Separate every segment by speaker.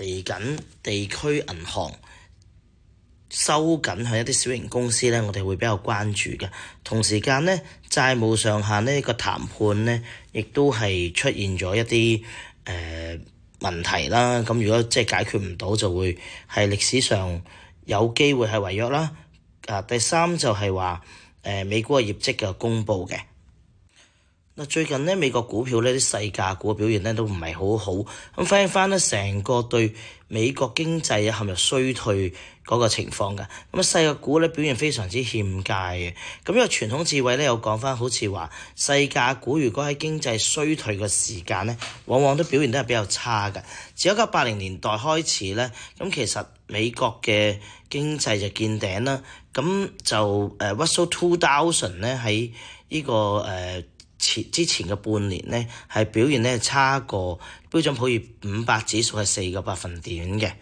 Speaker 1: 嚟緊地，地區銀行收緊，喺一啲小型公司咧，我哋會比較關注嘅。同時間咧，債務上限呢個談判咧，亦都係出現咗一啲誒、呃、問題啦。咁如果即係解決唔到，就會係歷史上有機會係違約啦。啊，第三就係話誒美國嘅業績嘅公佈嘅。最近呢，美國股票呢啲細價股表現呢都唔係好好，咁反映翻咧，成個對美國經濟啊，陷入衰退嗰個情況㗎。咁啊，細價股呢表現非常之欠佳嘅。咁呢個傳統智慧呢，有講翻好似話，細價股如果喺經濟衰退嘅時間呢，往往都表現得係比較差嘅。自一九八零年代開始呢，咁其實美國嘅經濟就見頂啦。咁就 Russell Two Thousand 咧喺呢個誒。呃前之前嘅半年呢，係表現呢差過標準普爾五百指數係四個百分點嘅。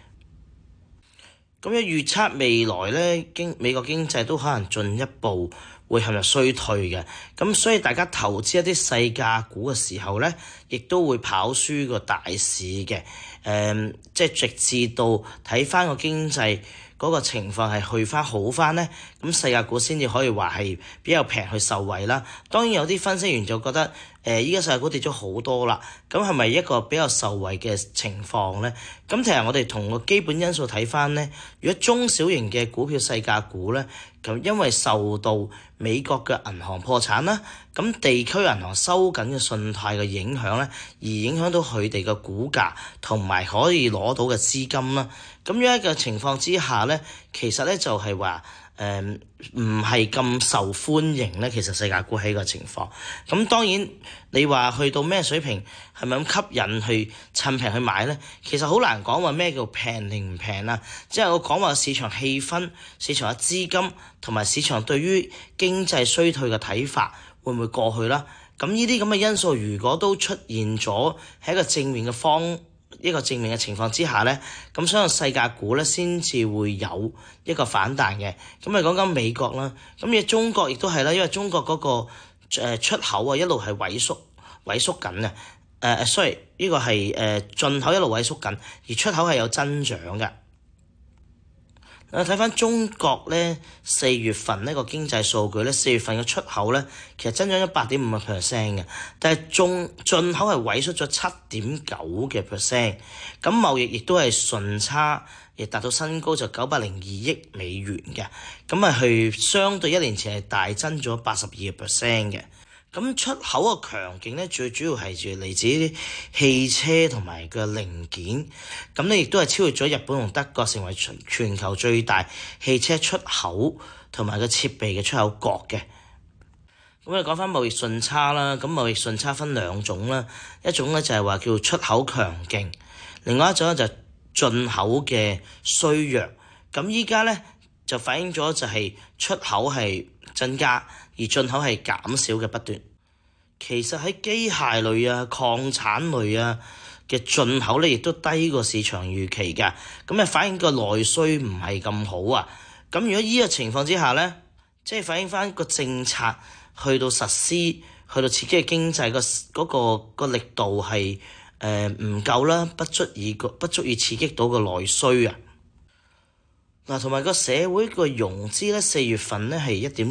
Speaker 1: 咁樣預測未來呢，經美國經濟都可能進一步會陷入衰退嘅。咁所以大家投資一啲細價股嘅時候呢，亦都會跑輸個大市嘅，誒，即係直至到睇翻個經濟嗰個情況係去翻好翻咧，咁細價股先至可以話係比較平去受惠啦。當然有啲分析員就覺得，誒、呃，依家細價股跌咗好多啦，咁係咪一個比較受惠嘅情況咧？咁其實我哋同個基本因素睇翻咧，如果中小型嘅股票細價股咧，咁因為受到美國嘅銀行破產啦。咁地區銀行收緊嘅信貸嘅影響咧，而影響到佢哋嘅股價同埋可以攞到嘅資金啦。咁樣一個情況之下咧，其實咧就係話誒唔係咁受歡迎咧。其實世界股喺個情況，咁當然你話去到咩水平係咪咁吸引去趁平去買咧？其實好難講話咩叫平定唔平啦。即係我講話市場氣氛、市場嘅資金同埋市場對於經濟衰退嘅睇法。會唔會過去啦？咁呢啲咁嘅因素，如果都出現咗喺一個正面嘅方，一個正面嘅情況之下咧，咁相信世界股咧先至會有一個反彈嘅。咁啊講緊美國啦，咁嘅中國亦都係啦，因為中國嗰個出口啊一路係萎縮萎縮緊嘅，誒 sorry 呢個係誒進口一路萎縮緊，而出口係有增長嘅。睇翻中國咧，四月份呢個經濟數據咧，四月份嘅出口咧，其實增長咗八點五個 percent 嘅，但係中進口係萎縮咗七點九嘅 percent，咁貿易亦都係順差，亦達到新高就九百零二億美元嘅，咁啊係相對一年前係大增咗八十二個 percent 嘅。咁出口嘅強勁咧，最主要係嚟自汽車同埋嘅零件，咁咧亦都係超越咗日本同德國，成為全球最大汽車出口同埋個設備嘅出口國嘅。咁你講翻貿易順差啦，咁貿易順差分兩種啦，一種咧就係話叫出口強勁，另外一種咧就係進口嘅衰弱。咁而家咧就反映咗就係出口係，增加而進口係減少嘅不斷，其實喺機械類啊、礦產類啊嘅進口咧，亦都低過市場預期㗎，咁啊反映個內需唔係咁好啊。咁如果呢個情況之下咧，即係反映翻個政策去到實施，去到刺激經濟、嗰個嗰個、嗰個力度係誒唔夠啦，不足以不足以刺激到個內需啊。嗱，同埋個社會個融資咧，四月份咧係一點二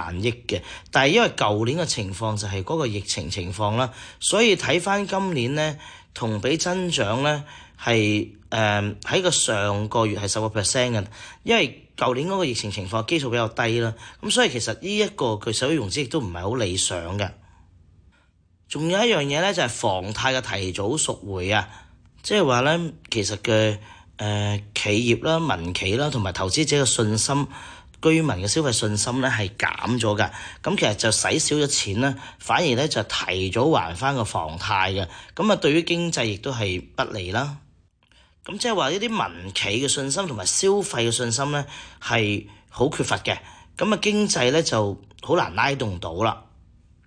Speaker 1: 二萬億嘅，但係因為舊年嘅情況就係嗰個疫情情況啦，所以睇翻今年咧同比增長咧係誒喺個上個月係十個 percent 嘅，因為舊年嗰個疫情情況基數比較低啦，咁所以其實呢、這、一個佢社會融資亦都唔係好理想嘅。仲有一樣嘢咧，就係房貸嘅提早贖回啊，即係話咧，其實嘅。呃、企業啦、民企啦，同埋投資者嘅信心、居民嘅消費信心咧，係減咗嘅。咁其實就使少咗錢啦，反而咧就提早還翻個房貸嘅。咁啊，對於經濟亦都係不利啦。咁即係話呢啲民企嘅信心同埋消費嘅信心咧，係好缺乏嘅。咁啊，經濟咧就好難拉動到啦。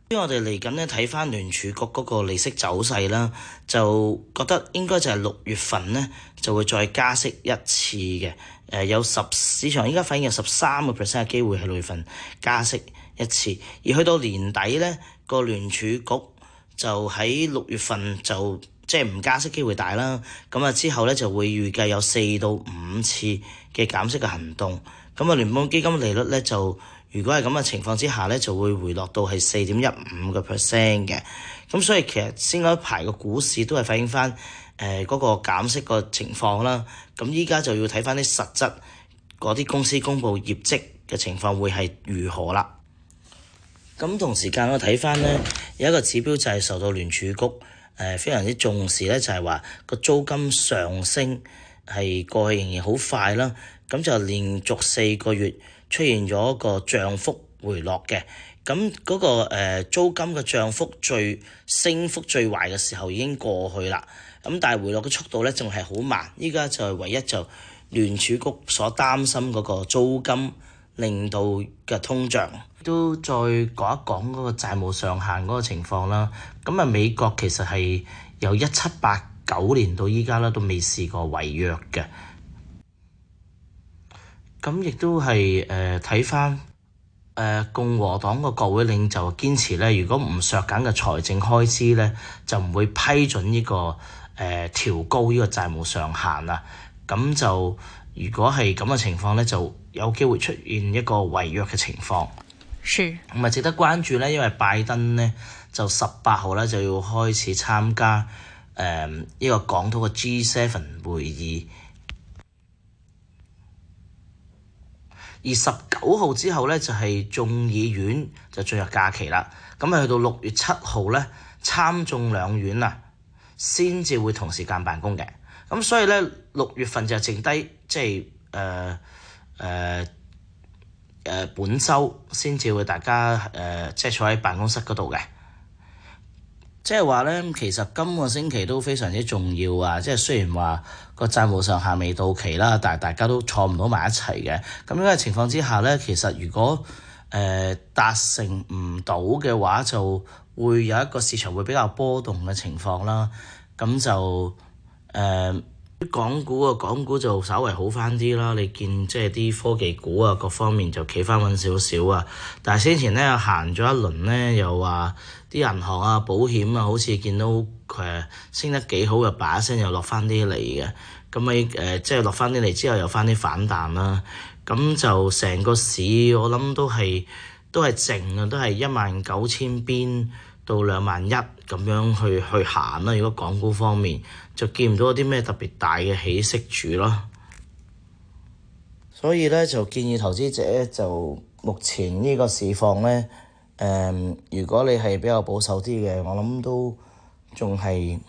Speaker 1: 因為我哋嚟緊咧睇翻聯儲局嗰個利息走勢啦，就覺得應該就係六月份咧就會再加息一次嘅。誒，有十市場依家反映有十三個 percent 嘅機會係六月份加息一次，而去到年底咧個聯儲局就喺六月份就即係唔加息機會大啦。咁啊，之後咧就會預計有四到五次嘅減息嘅行動。咁啊，聯邦基金利率咧就。如果係咁嘅情況之下咧，就會回落到係四點一五個 percent 嘅。咁所以其實先嗰一排個股市都係反映翻誒嗰個減息個情況啦。咁依家就要睇翻啲實質嗰啲公司公布業績嘅情況會係如何啦。咁同時間我睇翻咧有一個指標就係受到聯儲局誒非常之重視咧，就係話個租金上升係過去仍然好快啦。咁就連續四個月。出現咗一個漲幅回落嘅，咁嗰個誒租金嘅漲幅最升幅最壞嘅時候已經過去啦，咁但係回落嘅速度咧仲係好慢，依家就係唯一就聯儲局所擔心嗰個租金令到嘅通脹。都再講一講嗰個債務上限嗰個情況啦。咁啊美國其實係由一七八九年到依家啦都未試過違約嘅。咁亦都係誒睇翻誒共和黨嘅國會領袖堅持咧，如果唔削減嘅財政開支咧，就唔會批准呢、這個誒、呃、調高呢個債務上限啦。咁就如果係咁嘅情況咧，就有機會出現一個違約嘅情況。係咁值得關注咧，因為拜登咧就十八號咧就要開始參加誒呢、呃、個港島嘅 G7 會議。二十九號之後呢，就係、是、眾議院就進入假期啦。咁啊，去到六月七號呢，參眾兩院啊，先至會同時間辦公嘅。咁所以呢，六月份就剩低即係、呃呃、本周先至會大家即係、呃、坐喺辦公室嗰度嘅。即係話咧，其實今個星期都非常之重要啊！即係雖然話個債務上限未到期啦，但係大家都坐唔到埋一齊嘅。咁樣嘅情況之下咧，其實如果誒、呃、達成唔到嘅話，就會有一個市場會比較波動嘅情況啦。咁就誒。呃港股啊，港股就稍微好翻啲啦。你見，即係啲科技股啊，各方面就企翻穩少少啊。但係先前咧行咗一輪咧，又話啲銀行啊、保險啊，好似見到誒升得幾好，把又把聲又落翻啲嚟嘅。咁你誒即係落翻啲嚟之後又點點，又翻啲反彈啦。咁就成個市我諗都係都係靜啊，都係一萬九千邊到兩萬一。咁樣去去行啦。如果港股方面就見唔到啲咩特別大嘅起色柱咯，所以咧就建議投資者就目前呢個市況咧，誒、呃，如果你係比較保守啲嘅，我諗都仲係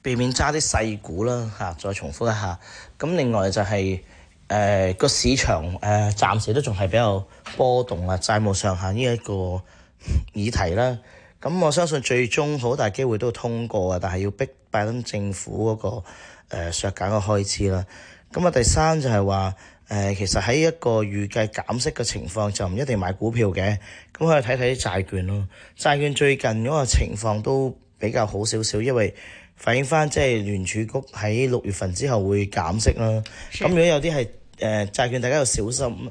Speaker 1: 避免揸啲細股啦。嚇，再重複一下。咁另外就係誒個市場誒、呃、暫時都仲係比較波動啊，債務上限呢一個議題啦。咁我相信最終好大機會都會通過啊，但係要逼拜登政府嗰、嗰個、呃、削減個開支啦。咁啊，第三就係話誒，其實喺一個預計減息嘅情況，就唔一定買股票嘅。咁可以睇睇啲債券咯。債券最近嗰個情況都比較好少少，因為反映翻即係聯儲局喺六月份之後會減息啦。咁的如果有啲係誒債券，大， 大家要小心。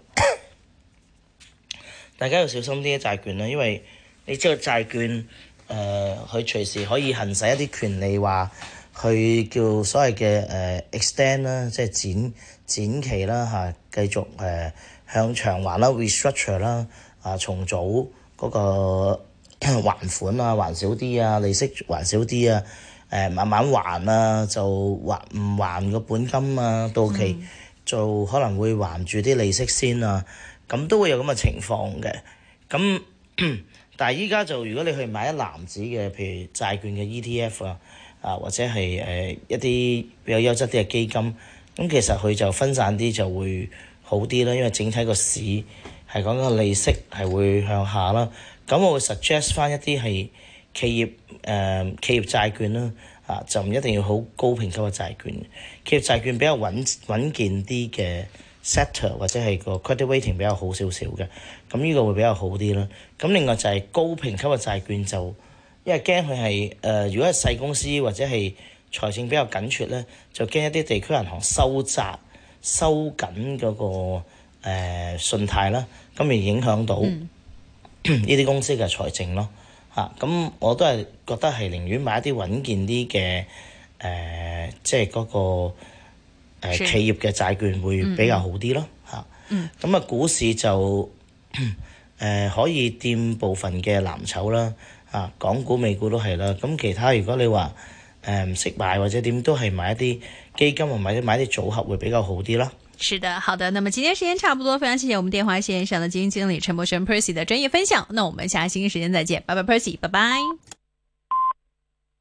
Speaker 1: 大家要小心啲債券啦，因為。你知個債券，誒、呃，佢隨時可以行使一啲權利，話去叫所謂嘅誒 extend 啦，呃、extend，即係展展期啦，嚇、啊，繼續誒、呃、向長還啦，restructure 啦，restructure，啊，重組嗰個還款啊，還少啲啊，利息還少啲啊，誒、呃，慢慢還啊，就還唔還個本金啊，到期、嗯、就可能會還住啲利息先啊，咁都會有咁嘅情況嘅，咁。 但係依家就如果你去買一籃子嘅，譬如債券嘅 ETF 啊，啊或者係誒、呃、一啲比較優質啲嘅基金，咁、啊、其實佢就分散啲就會好啲啦，因為整體個市係講個利息係會向下啦。咁、啊、我會 suggest 返一啲係企業誒、呃、企業債券啦，啊就唔一定要好高評級嘅債券，企業債券比較穩穩健啲嘅。Sector 或者係個 credit rating 比較好少少嘅，咁呢個會比較好啲啦。咁另外就係高評級嘅債券就，因為驚佢係誒，如果係細公司或者係財政比較緊缺咧，就驚一啲地區銀行收窄收緊嗰、那個信貸、呃、啦，咁而影響到呢啲、嗯、公司嘅財政咯。嚇、啊，咁我都係覺得係寧願買一啲穩健啲嘅誒，即係嗰個。嗯、企業嘅債券會比較好啲咯，吓、嗯，咁、嗯、啊，股市就誒、 呃、可以掂部分嘅藍籌啦，啊，港股、美股都係啦，咁其他如果你話誒唔識買或者點都係買一啲基金或者買啲組合會比較好啲啦。是的，好的，那麼今天時間差不多，非常謝謝我們電話線上的基金經理陳柏軒 Percy 的專業分享，那我們下期星期時間再見，拜拜 Percy，拜拜。